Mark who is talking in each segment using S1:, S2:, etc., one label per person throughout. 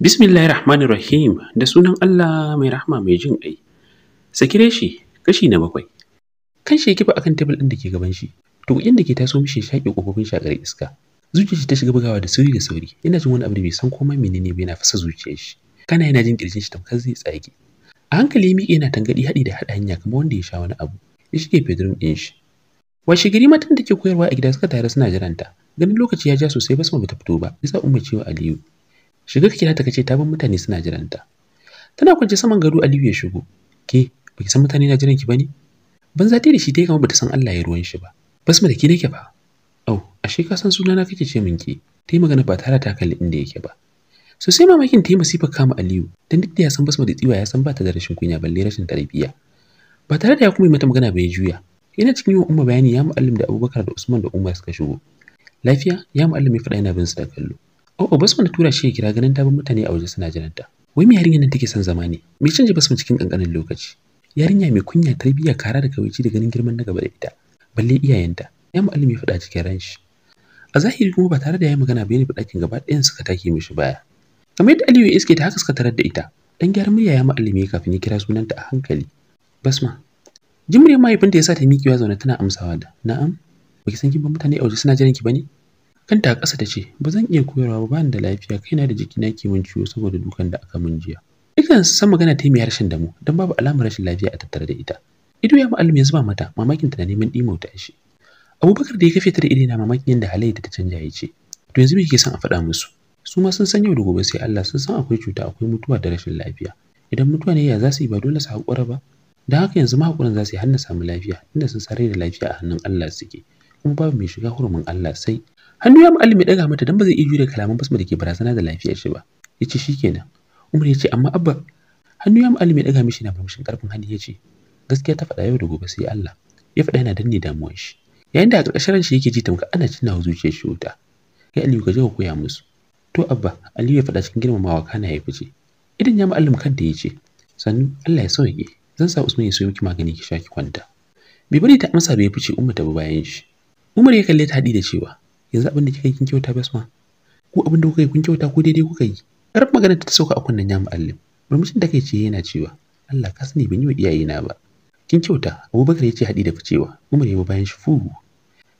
S1: rahim, da sunan Allah mai rahma mai jin ƙai. Sakire shi kashi na bakwai. Kan shi kifa akan tebul ɗin da ke gaban shi. Tukukin da ke taso mishi ya shaƙe ƙofofin shakar iska. Zuciyar shi ta shiga bugawa da sauri da sauri. Yana jin wani abu da bai san komai menene ba yana fasa zuciyar shi. Kana yana jin ƙirjin shi tamkar zai tsage. A hankali ya miƙe yana tangaɗi haɗi da haɗa hanya kamar wanda ya sha wani abu. Ya shige bedroom ɗin shi. Washe gari matan da ke koyarwa a gida suka tare suna jiranta. Ganin lokaci ya ja sosai basu ma bata fito ba. Yasa umma cewa Aliyu shiga ka kira ta kace ta bar mutane suna jiranta tana kwance saman gado Aliyu ya shigo ke baki san mutane na jiran ki bane ban zate da shi dai kamar bata san Allah ya ruwan shi ba basma da ki nake ba au ashe ka san sunana kake ce min ki ta yi magana ba tare ta kalli inda yake ba so sai mamakin ta yi masifa kama Aliyu dan duk da ya san basma da tsiwa ya san ba ta da rashin kunya balle rashin tarbiyya ba tare da ya kuma yi mata magana ba juya ina cikin yawan umma bayani ya mu'allim da Abubakar da Usman da Umar suka shigo lafiya ya mu'allim ya faɗa yana bin su da kallo oh, Basma na tura shi kira ganin ta mutane a waje suna jiranta. Wai me yarinya nan take son zama ne? Me canje Basma cikin kankanin lokaci? Yarinya mai kunya tarbiyya kara da kawaici da ganin girman na gaba da ita. Balle iyayenta. Ya mu'allimi faɗa cikin ranshi. A zahiri kuma ba tare da ya magana ba ne cikin gaba ɗayan suka take mishi baya. Kamar yadda Aliyu ya iske ta haka suka tarar da ita. Dan gyaran murya ya mu'allimi kafin ya kira sunanta a hankali. Basma. Jimriyar mahaifinta ya sa ta miƙewa zaune tana amsawa da na'am. Baki san kin mutane a waje suna jiran ki bane? Kanta a ƙasa ta ce, ba zan iya koyarwa ba bani da lafiya kai na da jiki na ke min ciwo saboda dukan da aka min jiya. Dukkan san magana ta yi mai rashin damu don babu alamar rashin lafiya a tattare da ita. Ido ya ma'alum ya zuba mata mamakin ta neman ɗimo ta shi. Abubakar da ya kafe ta da idina mamakin yadda halayyarta ta canja ya ce, to yanzu me kike son a faɗa musu? Su ma sun san yau da gobe sai Allah sun san akwai cuta akwai mutuwa da rashin lafiya. Idan mutuwa ne ya za su yi ba dole su haƙura ba. Da haka yanzu mahaƙuran za su yi har na samu lafiya tunda sun sarai da lafiya a hannun Allah suke. Kuma babu mai shiga hurumin Allah sai hannu ya mu'allim ya daga mata dan ba zai iya jure kalaman basma da ke barazana da lafiyar shi ba Ya ce shi kenan. umar ya ce, amma abba hannu ya mu'allim ya daga mishi na murmushin karfin ya ce. gaskiya ta faɗa yau da gobe sai Allah ya faɗa yana danne damuwar shi yayin da a ƙarƙashin ran shi yake ji tamka ana nawa zuciyar shi wuta kai Aliyu ka je ka koya musu to abba Aliyu ya faɗa cikin girmamawa kana ya fice idan ya mu'allim kanta ya ce. sannu Allah ya sauke zan sa Usman ya soyo miki magani ki sha ki kwanta bai bari ta amsa bai fice Umma ta bayan shi Umar ya kalle ta haɗi da cewa yanzu abin da kika yi kin kyauta basma ko abin da kuka yi kun kyauta ko daidai kuka yi karar magana ta sauka a kunnen ya mu'allim murmushin da kai ce yana cewa Allah ka sani ban yi wa iyayena ba kin kyauta Abubakar ya ce haɗi da ficewa Umar ya bayan shi fu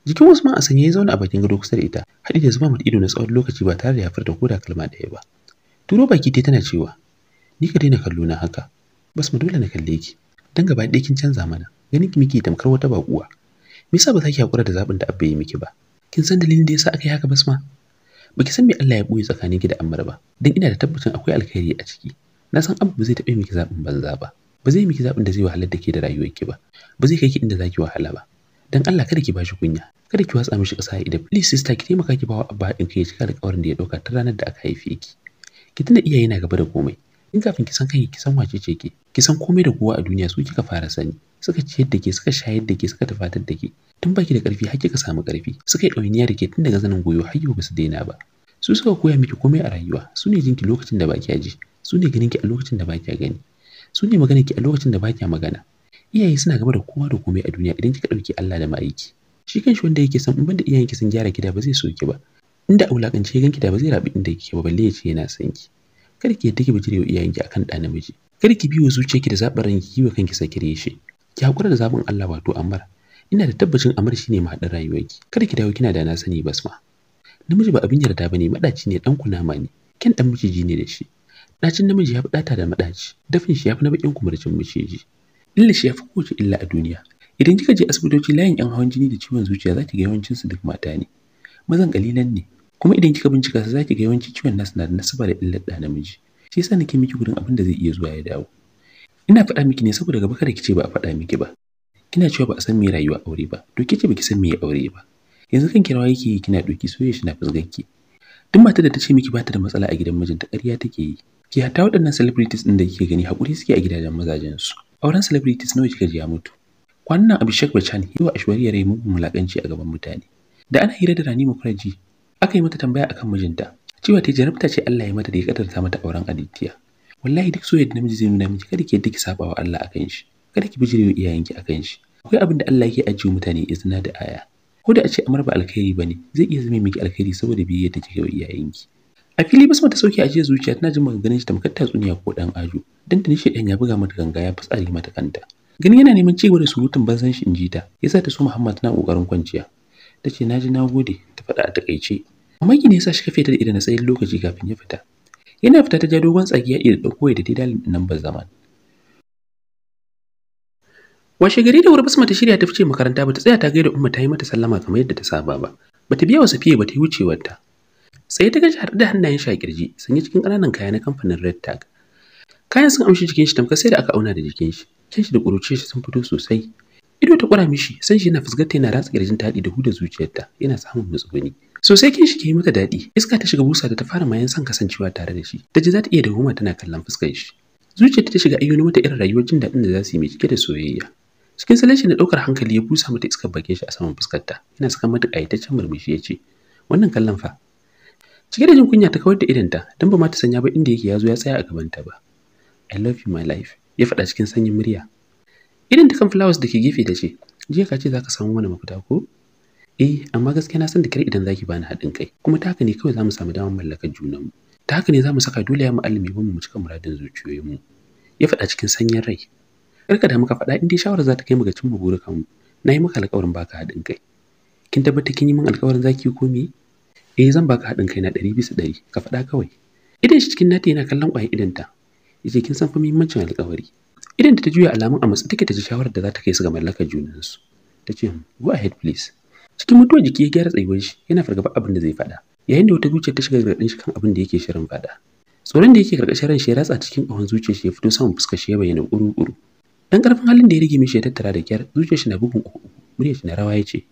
S1: jikin Usman a sanye ya zauna a bakin gado kusa da ita haɗi da zuba mata ido na tsawon lokaci ba tare da ya furta ko da kalma ɗaya ba turo baki ta tana cewa ni ka daina kallo na haka bas mu dole na kalle ki dan gaba ɗaya kin canza mana ganin ki muke tamkar wata baƙuwa me yasa ba za hakura da zaɓin da abba ya miki ba kin san dalilin da yasa aka yi haka basma baki san me Allah ya boye ki da Ammar ba dan ina da tabbacin akwai alkhairi a ciki na san abu ba zai taɓa miki zaɓin banza ba ba zai miki zaɓin da zai wahalar da ke da ki ba ba zai kai ki inda zaki wahala ba dan Allah kada ki bashi kunya kada ki watsa mishi kasa Ida please sister ki taimaka ki bawa abba haɗin kai ya cika alƙawarin da ya ɗauka ta ranar da aka haife ki ki tuna iyaye na gaba da komai in kafin ki san kanki ki san wace ce ke ki san komai da kowa a duniya su kika fara sani suka ciyar da ke suka shayar da ke suka tafatar da ke tun baki da karfi har kika samu karfi suka yi ɗawainiya da ke tun daga zanin goyo har yau ba daina ba su suka koya miki komai a rayuwa su ne jinki lokacin da baki ji su ne ganinki a lokacin da baki gani su ne maganarki a lokacin da baki magana iyaye suna gaba da kowa da komai a duniya idan kika ɗauki Allah da ma'aiki shi kan shi wanda yake san in banda iyayenki sun gyara gida ba zai so ki ba inda aulakance ganki da ba zai rabi inda kike ba balle ya ce yana son ki kar ki yadda ki bijire wa iyayenki akan ɗa namiji kar ki biyo zuciyarki da zaɓin ranki ki wa kanki sakire shi ki haƙura da zaɓin Allah wato amara ina da tabbacin Ammar shine mahaɗin rayuwarki kar ki dawo kina da na sani basma namiji ba abin yarda ba ne, madaci ne dan kunama ne kin dan miciji ne da shi dacin namiji ya fi data da madaci dafin shi ya fi na bakin kumurcin miciji illa shi ya fi kowace illa a duniya idan kika je asibitoci layin yan hawan jini da ciwon zuciya za ki ga yawancin su duk mata ne mazan kalilan ne kuma idan kika bincika su zaki ga yawanci ciwon nasu na da nasaba da illar da namiji shi yasa nake miki gudun abin da zai iya zuwa ya dawo ina faɗa miki ne saboda gaba kada ki ce ba a faɗa miki ba kina cewa ba a san me rayuwa aure ba to ce baki san me aure ba yanzu kan kirawa yake yi kina doki soyayya shi na fusganki duk matar da ta ce miki bata da matsala a gidan mijinta ƙarya take yi ki hatta waɗannan celebrities ɗin da kike gani haƙuri suke a gidajen mazajen su auren celebrities nawa kika ji ya mutu kwanan abishek bachan yi wa Rai mugun mulakanci a gaban mutane da ana hira da Rani Mukherjee aka yi mata tambaya akan mijinta cewa ta jarabta ce Allah ya mata da ya kadarta mata auren aditya wallahi duk soyayya da namiji zai nuna miki kada ki yadda ki saba wa Allah akan shi kada ki bijire iyayenki akan shi akwai abin da Allah yake ajiye mutane izina da aya ko da a ce amar ba alkhairi bane zai iya zama miki alkhairi saboda biyayya da kike wa iyayenki a fili basma ta sauke ajiye zuciya tana jin maganganun shi tamkar tatsuniya ko dan ajo dan tani shedan ya buga mata ganga ya fasari mata kanta gani yana neman cewa da surutun banzan shi inji ta yasa ta so Muhammad tana kokarin kwanciya tace naji nagode ta faɗa a takaice Mamaki ne ya sa shi kafe ta da ido na tsayin lokaci kafin ya fita. Yana fita ta ja dogon tsaki haɗi da kowai da ta nan ba zaman. Washe gari da wuri Basma ta shirya ta fice makaranta ba ta tsaya ta gaida Umma ta yi mata sallama kamar yadda ta saba ba. Ba ta biya wa Safiya ba ta yi wucewar ta. Sai ta gaji haɗu da hannayen shi a sanye cikin ƙananan kaya na kamfanin Red Tag. Kayan sun amshi jikin shi tamkar sai da aka auna da jikin shi. Kyan shi da ƙuruce shi sun fito sosai. Ido ta ƙura mishi, san shi yana fuskarta yana ratsa ƙirjin ta haɗi da huda zuciyarta, yana samun matsuguni. Sosai kin shi ke yi mata daɗi, iska ta shiga busa da ta fara mayan son kasancewa tare da shi, ta ji za ta iya da goma tana kallon fuskar shi. Zuciyarta ta shiga ayyuna mata irin rayuwar jin daɗin da za su yi mai cike da soyayya. Cikin salashi na ɗaukar hankali ya busa mata iskar bakin shi a saman fuskarta, yana saka mata ƙayataccen murmushi ya ce, wannan kallon fa. Cike da jin kunya ta kawar da idonta, don ba ma ta sanya ba inda yake ya zo ya tsaya a gabanta ba. I love you my life, ya faɗa cikin sanyin murya. Idan ta kan flowers da ke gefe da ce, jiya ka ce za ka samu mana mafita ko? eh amma gaskiya na san da kai idan zaki bani haɗin kai kuma ta haka ne kawai za mu samu damar mallakar mu ta haka ne za mu saka dole ya mu'allimi mu mu cika muradin mu. ya faɗa cikin sanyin rai karka da muka faɗa in shawara shawarar za ta kai mu ga cimma mu. na yi maka alƙawarin baka haɗin kai kin tabbata kin yi min alƙawarin zaki yi komi eh zan baka haɗin kai na ɗari bisa ɗari ka faɗa kawai idan shi cikin nata yana kallon idan idanta yace kin san fa muhimmancin alƙawari idan ta juya alamun a matsa take ta ji shawarar da za ta kai su ga mallakar junansu ta ce hmm, go ahead please cikin mutuwar jiki ya gyara tsayuwar shi yana fargaba abin da zai faɗa yayin da wata zuciyar ta shiga gargaɗin shi kan abin da yake shirin faɗa tsoron da yake karkashin ran shi ya ratsa cikin ƙahon zuciyar shi ya fito saman fuskar shi ya bayyana ƙuruƙuru dan ƙarfin halin da ya rage mishi ya tattara da kyar zuciyar shi na bugun uku muryar shi na rawa ya ce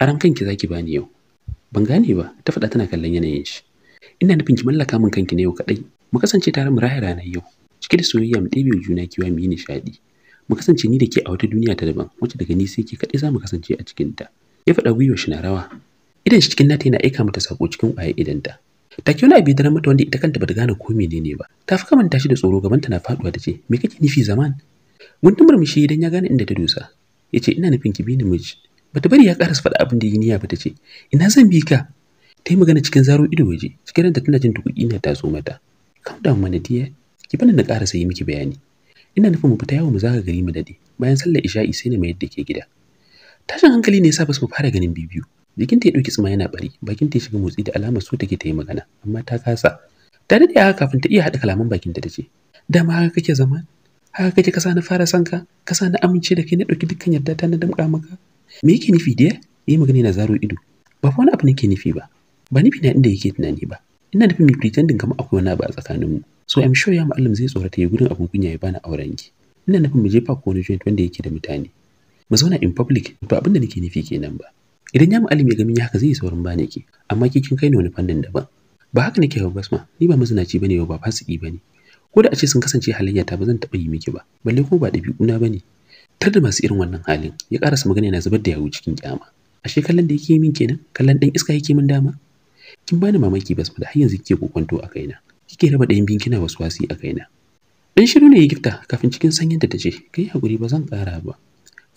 S1: aran kanki zaki bani yau ban gane ba ta faɗa tana kallon yanayin shi ina nufin ki mallaka min kanki ne yau kaɗai mu kasance tare mu raya ranar yau cike da soyayya mu ɗebe juna kiwa mu nishaɗi mu kasance ni da ke a wata duniya ta daban wacce daga ni sai ke kaɗai za kasance a cikinta. ta ya faɗa gwiwar shi na rawa idan shi cikin nata yana aika mata sako cikin ƙwayar idanta take wani abu daren mata wanda ita kanta bata gane ko menene ba ta fi kamanta shi da tsoro gaban ta na faduwa ce. me kake nufi zaman gundun murmushi idan ya gane inda ta dosa ce ina nufin ki bi ni miji bata bari ya karasa faɗa abin da yi niyya ba tace ina zan bi ka ta yi magana cikin zaro ido waje cikin ranta tana jin tukuki na taso mata Kam da mana tiye ki bani na ƙarasa yi miki bayani ina nufin mu fita yawo mu zaka gari mu dade bayan sallar isha'i sai na mayar da ke gida tashin hankali ne ya sa ba su fara ganin bibiyu jikinta ya ɗauki tsima yana bari bakinta ya shiga motsi da alamar su take ta yi magana amma ta kasa ta daɗe a kafin ta iya haɗa kalaman bakinta ta ce dama haka kake zama haka kake kasa na fara sanka kasa na amince da kai na ɗauki dukkan yarda ta na damƙa maka me yake nufi dai yi magana yana zaro ido ba fa wani abu nake nufi ba ba nufi na inda yake tunani ba ina nufin mai pretending kamar akwai wani abu a tsakaninmu so I'm sure ya ma'allam zai tsorata ya gudun abokin ya bani auren ki ina nufin mu je fa ko wani joint wanda yake da mutane mu zauna in public ba abin da nake nufi kenan ba idan ya mu'allim ya ga ya haka zai saurin bane ki? amma ki kin kai ni wani fannin daban ba haka nake ba basma ni ba mazinaci bane ba ba fasiki bane ko da a ce sun kasance halayya ta ba zan taɓa yi miki ba balle ko ba ɗabi'una bane tar da masu irin wannan halin ya karasa magana yana zubar da yawo cikin kyama ashe kallon da yake min kenan kallon dan iska yake min dama kin bani mamaki basma da har yanzu kike kokonto a kaina kike raba dayin bin kina wasi a kaina dan shiru ne ya gifta kafin cikin sanyin da ta ce kai hakuri ba zan ƙara ba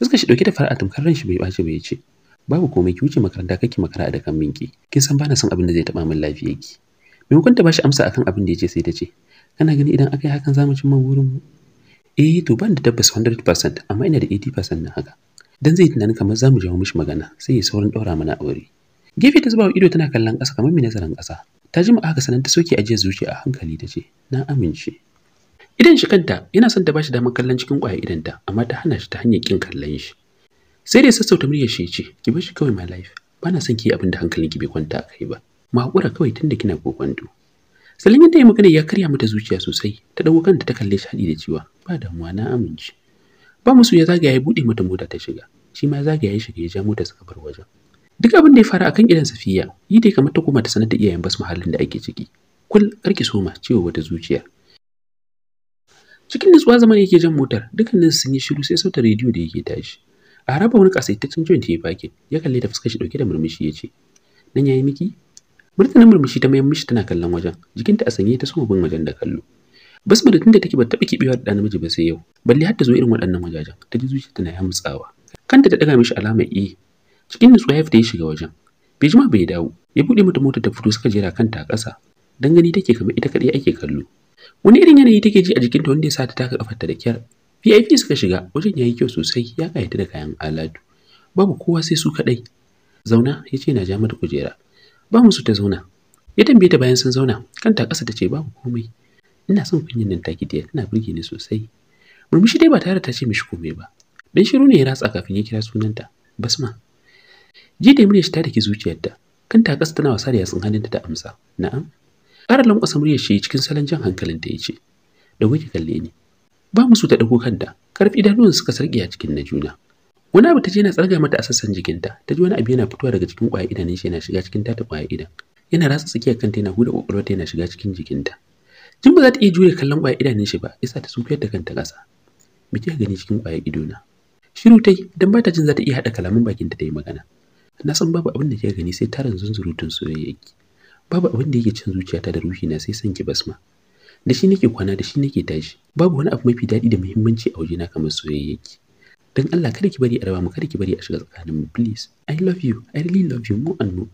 S1: fuskar shi dauke da fara'a tamkar ran shi bai bace bai ce babu komai ki wuce makaranta kake makara a dakan minki kin san bana son abin da zai taba min lafiyarki maimakon ta bashi amsa akan abin da yace sai ta ce kana gani idan aka hakan zamu man gurin mu eh to ban da tabbas 100% amma ina da 80% na haka dan zai tunani kamar zamu jawo mishi magana sai ya saurin daura mana aure gefe ta zuba ido tana kallon ƙasa kamar mai nazarin ƙasa ta jima aka sanan ta soke ajiyar zuciya a hankali ta ce na amince idan shi kanta yana son ta bashi damar kallon cikin idan idanta amma ta hana shi ta hanyar kin kallon shi sai dai sassauta muryar shi ce ki bar shi kawai my life ba na son ki yi abin da ki bai kwanta a kai ba ma haƙura kawai tunda kina kokwanto salin yadda ya magana ya karya mata zuciya sosai ta dago kanta ta kalle shi haɗi da cewa ba damuwa na amince ba musu ya zagaya ya buɗe mata mota ta shiga shi ma zagaya ya shiga ya ja mota suka bar wajen duk abin da ya fara akan idan safiya yi dai kamar ta koma ta sanar da iyayen bas mahallin da ake ciki kul karki soma cewa wata zuciya cikin nutsuwa zaman yake jan motar dukkanin sun yi shiru sai sautar rediyo da yake tashi a haraba wani kasaitaccen joint ya fake ya kalle ta fuskar shi dauke da murmushi ya ce nan yayi miki murtanin murmushi ta mayan mishi tana kallon wajen jikinta a sanye ta soma bin wajen da kallo bas da tunda take ba taɓa kibewa da namiji ba sai yau balle har ta zo irin waɗannan wajajen ta ji zuciya tana ya mutsawa kanta ta daga mishi alamar e cikin nutsuwa ya fita ya shiga wajen bai jima bai dawo ya buɗe mata motar ta fito suka jera kanta a ƙasa dan gani take kamar ita kaɗai ake kallo wani irin yanayi take ji a jikinta wanda ya sa ta taka kafarta da kyar VIP suka shiga wajen yayi kyau sosai ya kayyade da kayan al'adu. babu kowa sai su kadai zauna ya ce na ja mata kujera ba musu ta zauna ya tambaye ta bayan sun zauna kanta kasa ta ce babu komai ina son kunyin nan taki da tana burge ni sosai murmushi dai ba tare ta ce mishi komai ba dan shiru ne ya ratsa kafin ya kira sunanta basma ji da murya ta dake zuciyarta kanta kasa tana wasa da yatsun hannunta ta amsa na'am ƙara lankwasa muryar shi cikin salon jan hankalin ta yace da wuri kalle ni ba su ta dago kanta karfi idanuwan suka sarki a cikin na juna wani abu ta je na tsarga mata a sassan jikinta ta ji wani abu yana fitowa daga cikin ƙwayar idanun shi yana shiga cikin tata ƙwayar idan yana ratsa tsakiyar kanta yana huda ta yana shiga cikin jikinta jin ba za ta iya jure kallon ƙwayar idanun shi ba yasa ta sunkuyar da kanta ƙasa me kika gani cikin ƙwayar idona shiru tai dan ba ta jin za ta iya haɗa kalaman bakinta ta yi magana na san babu abin da kika gani sai tarin zunzurutun soyayyaki babu abin da yake cin zuciyata da ruhi na sai san ki basma da shi nake kwana da shi nake tashi babu wani abu mafi daɗi da muhimmanci a wajena kamar soyayyaki dan Allah kada ki bari a raba mu kada ki bari a shiga tsakanin mu please I love you I really love you more annu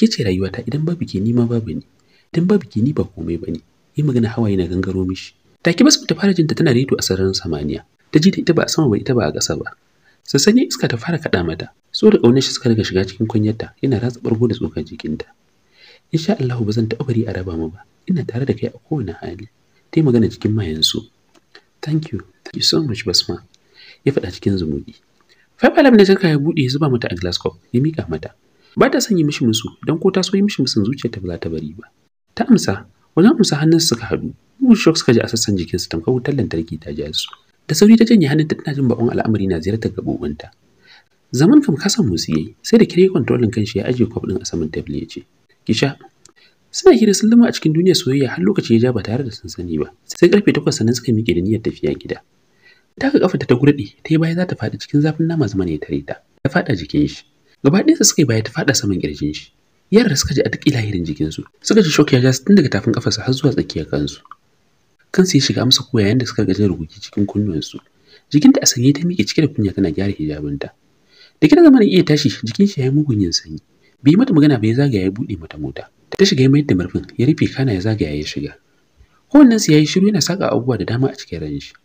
S1: ke ce rayuwata idan babu ke ni ma babu ni idan babu ke ni ba komai ba ne yi magana hawaye na gangaro mishi take basu ta fara jinta tana reto a sararin samaniya ta ji ta ita ba a sama ba ita ba a ƙasa ba sassaniyar iska ta fara kaɗa mata so da ƙaunar shi suka riga shiga cikin kunyarta yana ratsa ɓargo da tsokar jikinta insha Allah ba zan taɓa bari a raba mu ba ina tare da kai a kowane hali tai magana cikin mayansu thank you thank you so much basma ya faɗa cikin zumuɗi five alam ne jaka ya buɗe zuba mata a glass cup ya mika mata ba ta son mishi musu don ko ta so yi mishi musun zuciya ta ba za ta bari ba ta amsa wajen amsa hannun suka haɗu mugun shock suka ji a sassan jikinsu tamkar wutar lantarki ta ja su da sauri ta janye hannunta tana jin baƙon al'amari na ziyartar ta. zaman kam kasan motsi yayi sai da kire kwantolin shi ya ajiye cup ɗin a saman table ya ce ki sha suna hira sun lima a cikin duniyar soyayya har lokaci ya ja ba tare da sansani ba sai karfe takwas sannan suka miƙe da niyyar tafiya gida ta ga kafarta ta gurdi ta yi baya za ta faɗi cikin zafin nama zama ne tare ta ta faɗa jikin shi gaba sa suka yi baya ta faɗa saman kirjin shi yaran suka ji a duk ilahirin jikinsu suka ji shoki ya ja tun daga tafin kafarsa har zuwa tsakiyar kansu kansu ya shiga amsa koya yadda suka gajin rubuki cikin kunnuwansu jikinta a sanye ta miƙe cike da kunya tana gyara hijabinta da kira zamanin iya tashi jikin shi ya mugun yin sanyi bai mata magana bai zagaya ya buɗe mata mota ta shiga mayar da murfin ya rufe kana ya zagaya ya shiga kowannen su yayi shiru yana saka abubuwa da dama a cikin ran shi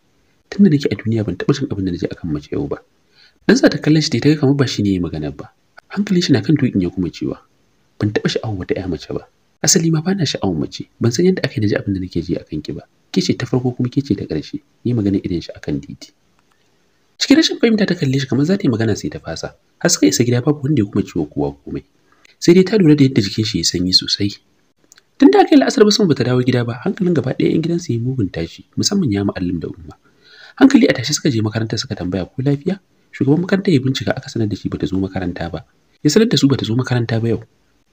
S1: tunda nake a duniya ban taɓa cin abin da naje akan mace yau ba dan sa ta kallon shi ta ga kamar ba shi ne magana ba hankalin shi na kan tukin ya kuma cewa ban taɓa sha'awar wata ƴa mace ba asali ma bana sha'awar mace ban san yadda aka naji abin da nake ji akan ki ba ke ce ta farko kuma ke ce ta ƙarshe yi magana irin shi akan titi cikin rashin fahimta ta kalle shi kamar za ta yi magana sai ta fasa har suka isa gida babu wanda ya kuma ciwo kowa komai sai dai ta lura da yadda jikin shi ya sanyi sosai tun da aka yi la'asar basu bata dawo gida ba hankalin gaba ɗaya yan su ya mugun tashi musamman ya ma'allim da umma hankali a tashi suka je makaranta suka tambaya ko lafiya shugaban makaranta ya bincika aka sanar da shi bata zo makaranta ba ya sanar da su bata zo makaranta ba yau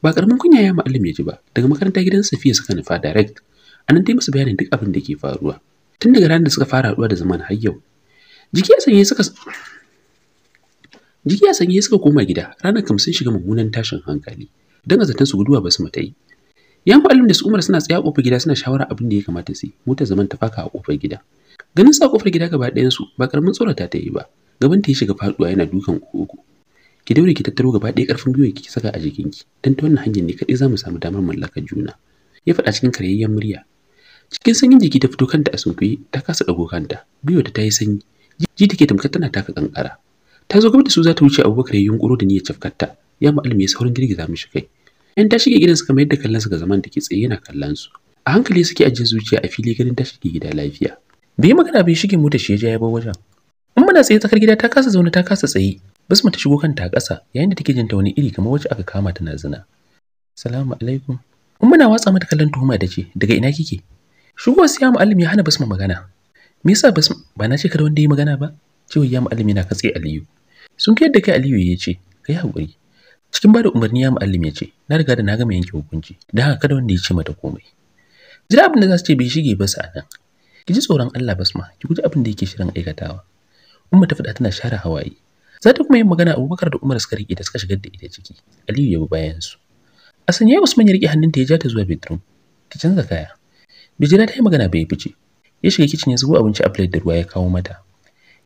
S1: ba karamin kunya ya ma'allim ya ji ba daga makaranta gidan safiya suka nufa direct a nan dai masu bayanin duk abin da ke faruwa tun daga ranar da suka fara haɗuwa da zaman har yau jiki a sanye suka jiki a sanye suka koma gida ranar kam sun shiga mummunan tashin hankali don a zaton su guduwa ba su mata yi yan mu'allim da su umar suna tsaye a kofar gida suna shawara abin da ya kamata su yi motar zaman ta faka a kofar gida ganin sa kofar gida gaba ɗayan su ba ƙaramin tsorata ta yi ba gaban ta ya shiga faduwa yana dukan uku ki daure ki tattaro gaba ɗaya ƙarfin gwiwa ki saka a jikinki don ta wannan hanyar ne kaɗai za mu samu damar mallakar juna ya faɗa cikin karyayyen murya cikin sanyin jiki ta fito kanta a sunkuyi ta kasa ɗago kanta gwiwa ta yi sanyi ji take tamkar tana taka kankara ta zo gaba da su za ta wuce abubakar ya yunƙuro da niyyar cafkarta ya ma'alim ya saurin girgiza mishi kai yan ta shige gidan suka mayar da kallon su ga zaman da ke tsaye yana kallon su a hankali suke ajiye zuciya a fili ganin ta shige gida lafiya bai magana bai shige mota shi ya ja ya bar wajen in muna tsaye tsakar gida ta kasa zaune ta kasa tsaye basma ta shigo kanta a ƙasa yayin da take jinta wani iri kamar wacce aka kama tana zina salamu alaikum in muna watsa mata kallon tuhuma da ce daga ina kike shigo sai ya hana basma magana me yasa basma ba na ce kada wanda yi magana ba cewa ya mu'allim yana katse aliyu sun kiyar yadda kai aliyu ya ce kai yi haƙuri cikin bada umarni ya mu'allim ya ce na riga da na gama yanke hukunci don haka kada wanda ya ce mata komai jira abin da za su ce bai shige ba sa nan ki ji tsoron Allah basma ki guji abin da yake shirin aikatawa umma ta faɗa tana share hawaye za ta kuma yin magana abubakar da umar suka riƙe da suka shigar da ita ciki aliyu ya bi bayan su a sanye usman ya riƙe hannunta ya ja ta zuwa bedroom ta canza kaya bijira ta yi magana bai fice ya shiga kicin ya zubo abinci a plate da ruwa ya kawo mata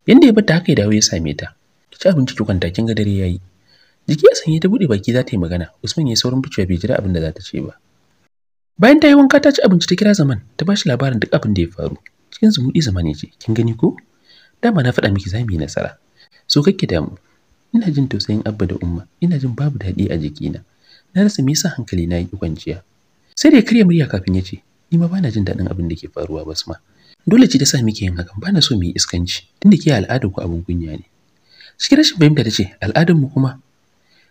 S1: yanda ya bata haka ya dawo ya same ta ci abinci ki kwanta kin ga dare yayi jiki ya sanye ta bude baki za ta yi magana usman ya saurin ficewa bai jira abin da za ta ce ba bayan ta yi wanka ta ci abinci ta kira zaman ta ba shi labarin duk abin da ya faru cikin zumuɗi zaman ya ce kin gani ko dama na faɗa miki za mu yi nasara so kake damu ina jin tausayin abba da umma ina jin babu daɗi a jikina na rasa me yasa hankali na yi kwanciya sai da ya karya murya kafin ya ce ni ma bana jin daɗin abin da ke faruwa basma dole ce ta sa muke yin hakan bana so mu yi iskanci tunda ke al'adar ku abin kunya ne cikin rashin fahimta ta ce al'adun mu kuma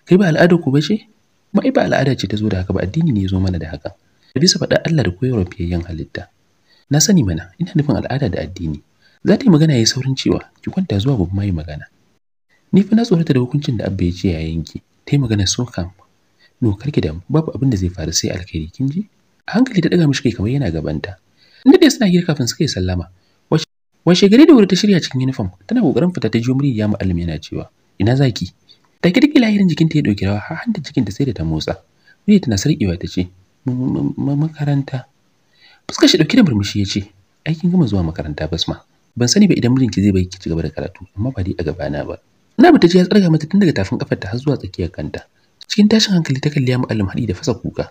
S1: kai ba al'adar ku bace ma ai ba al'ada ce ta zo da haka ba addini ne ya zo mana da haka da bisa faɗa Allah da koyarwa fiyayyen halitta na sani mana ina nufin al'ada da addini za ta yi magana yayi saurin cewa ki kwanta zuwa babu mai magana ni fa na tsorata da hukuncin da abba ya ce yayin ki ta yi magana so kam no karki da babu abin da zai faru sai alkhairi kin ji a hankali ta ɗaga mishi kai kamar yana gabanta inda dai suna hira kafin suka yi sallama washe gari da wuri ta shirya cikin uniform tana kokarin fita ta jiyo ya mu'allim yana cewa ina zaki ta kirki lahirin jikinta ya dauki rawa har hanta ta sai da ta motsa wuri tana sarkewa ta ce makaranta fuskar shi dauke da murmushi ya ce aikin gama zuwa makaranta basma ban sani ba idan mijinki zai baki ki cigaba da karatu amma ba dai a gabana ba na ba ta ji ya tsarga mata tun daga tafin kafar ta har zuwa tsakiyar kanta cikin tashin hankali ta kalli ya mu'allim haɗi da fasa kuka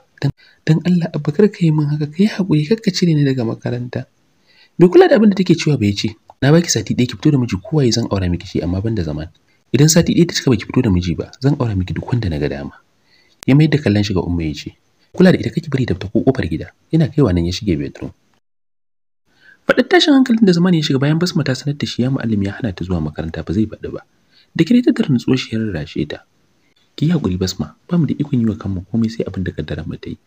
S1: dan Allah abba kar ka yi min haka kai haƙuri kar ka cire ni daga makaranta bai kula da abin da take cewa ba ya ce na baki sati ɗaya ki fito da miji kowa ya zan aura miki shi amma ban da zaman idan sati ɗaya ta cika baki fito da miji ba zan aura miki duk wanda na ga dama ya mayar da kallon shi ga umma ya ce kula da ita kake bari ta fita ko kofar gida yana kaiwa nan ya shige bedroom faɗin tashin hankalin da zaman ya shiga bayan basma ta sanar da shi ya mu'allim ya hana ta zuwa makaranta ba zai faɗi ba da kire ta tarnutso shi ya rarrashe ta ki yi hakuri basma ba mu da ikon yi wa kanmu komai sai abin da kaddara mu ta yi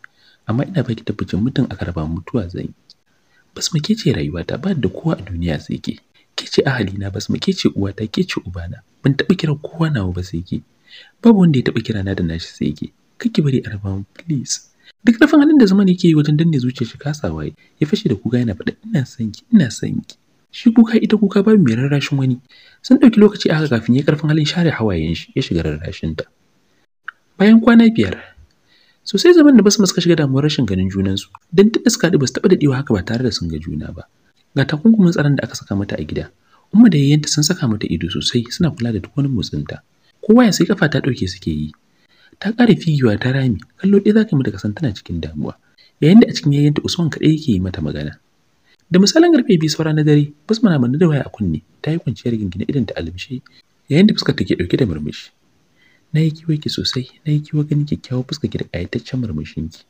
S1: amma ina baki tabbacin mutum a mutuwa zan yi basma ke ce rayuwata ba da kowa a duniya sai ke ke ce ahalina basma kece- ce uwata ke ce ubana ban taɓa kira kowa nawa ba sai ke babu wanda ya taɓa kira na da nashi sai ke ki bari a raba please duk rafin halin da zaman yake yi wajen danne zuciyar shi kasa waye, ya fashe da kuka yana faɗa ina son ki ina son ki shi kuka ita kuka babu mai rarrashin wani sun ɗauki lokaci a aka kafin ya karfin halin share hawayen shi ya shiga rarrashin ta bayan kwana biyar sosai zaman da basu suka shiga damuwar rashin ganin junansu don duk da suka haɗu ba su taɓa daɗewa haka ba tare da sun ga juna ba ga takunkumin tsaron da aka saka mata a gida umma da yayyanta sun saka mata ido sosai suna kula da duk wani motsinta kowa ya sai kafa ta ɗauke suke yi ta ƙara figiwa ta rami kallo ɗaya za ka mata kasan tana cikin damuwa yayin da a cikin yayyanta usman kaɗai yake yi mata magana da misalin karfe biyu saura na dare bas mana mana da waya a kunne ta yi kwanciyar gingine idan ta alimshe yayin da fuskar take ɗauke da murmushi na yi kiwo ki sosai na yi kiwo ganin kyakkyawar fuskar ki da ƙayataccen murmushin ki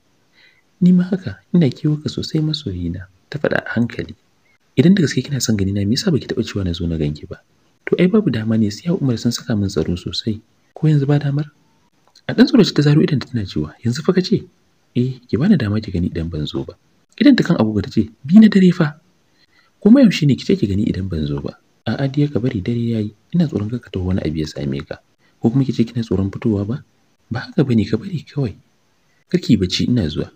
S1: ni ma haka ina kiwo ka sosai masoyina ta faɗa a hankali idan da gaske kina son gani na me yasa baki taɓa cewa na zo na ganki ba to ai babu dama ne sai Umar sun saka min tsaro sosai ko yanzu ba damar a dan tsoro ta zaro idan tana cewa yanzu fa ce? eh ki bani dama ki gani idan ban zo ba idan ta kan abubuwa ta ce bi na dare fa kuma yaushe ne ce ki gani idan ban zo ba a'a dai ka bari dare yayi ina tsoron ka taho wani abu ya same ka ko kuma kije kina tsoron fitowa ba ba haka bane ka bari kawai karki bacci ina zuwa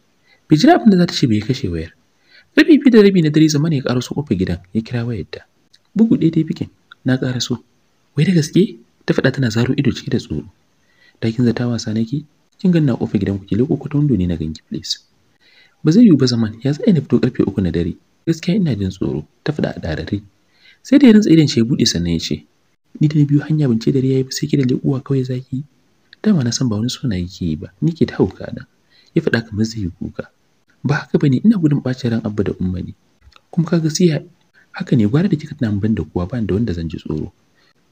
S1: bai jira abin da za ta ce bai kashe wayar rabi bi da rabi na dare ne ya su kofar gidan ya kira wayar ta bugu ɗaya dai bikin na ƙara so. wai da gaske ta faɗa tana zaro ido cike da tsoro dakin zata wasa nake kin ganna kofar gidan ku ki leko ko tondo ne na ganki please ba zai yiwu ba zaman ya tsaya na fito karfe uku na dare gaskiya ina jin tsoro ta faɗa a darare sai da ya rantsa idan shi ya buɗe sannan ya ce ni da biyu hanya ban ce dare yayi ba sai ki da leƙuwa kawai zaki dama na san ba wani suna yake yi ba ni ke da hauka na ya faɗa kamar zai yi kuka ba haka bane ina gudun ɓacin ran abba da umma ne kuma kaga sai haka ne gwara da kika tana ban da kuwa ban da wanda zan ji tsoro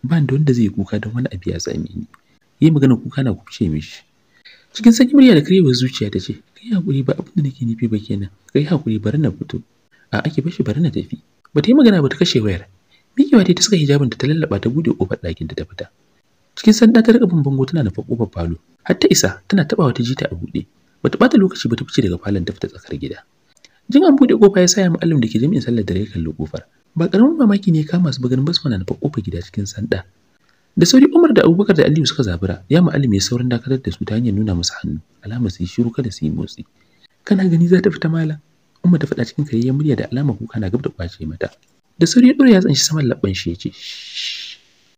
S1: ban da wanda zai yi kuka don wani abu ya same ni yi magana kuka na kuce mishi cikin sanyi murya da wa zuciya ta ce kai hakuri ba abin da nake nufi ba kenan kai hakuri bari na fito a ake bashi bari na tafi ba ta yi magana ba ta kashe wayar Mikiwa dai ta saka da ta lallaba ta bude kofar ɗakin ta fita. Cikin sanda ta rika bango tana nufa kofar falo. Har ta isa tana tabawa ta jita a buɗe. Bata bata lokaci ba ta fice daga falon ta fita tsakar gida. Jin an bude kofa ya sa ya mu'allim da ke jami'in sallar dare kallo kofar. Ba karamin mamaki ne kama su bagarin basma na nufa kofar gida cikin sanda. Da sauri Umar da Abubakar da Aliyu suka zabura, ya mu'allim ya saurin dakatar da su ta hanyar nuna musu hannu, alamar su yi shiru kada su yi motsi. Kana gani za ta fita mala? Umar ta faɗa cikin karyayyar murya da alamar kuka na gab da kwace mata. da sauri ya ɗora yatsan shi saman labban shi ya ce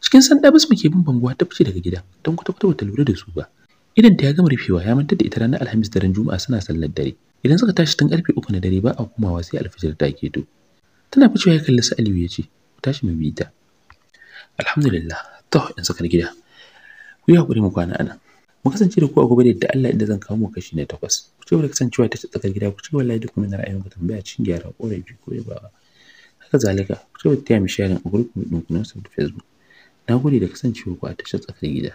S1: cikin san ɗabis muke bin banguwa ta fice daga gida don kwata kwata bata lura da su ba idan ta ya gama rufewa ya mantar da ita ranar alhamis da ran juma'a suna sallar dare idan suka tashi tun ƙarfe uku na dare ba a komawa sai alfijir ta to. tana ficewa ya kalli su aliyu ya ce ku tashi mu bi ta alhamdulillah to in sakar gida ku yi hakuri mu kwana ana. mu kasance da ku a gobe da yadda Allah inda zan kawo mu kashi na takwas ku ce wa da kasancewa ta tsakar gida ku ce wallahi duk mun ra'ayin ku tambaya cin gyara ƙorafi ko yabawa Haka zalika, ku ci gaba da taya sharing a group group ɗinku na Facebook. Na gode da kasancewarku a tashar tsakar gida.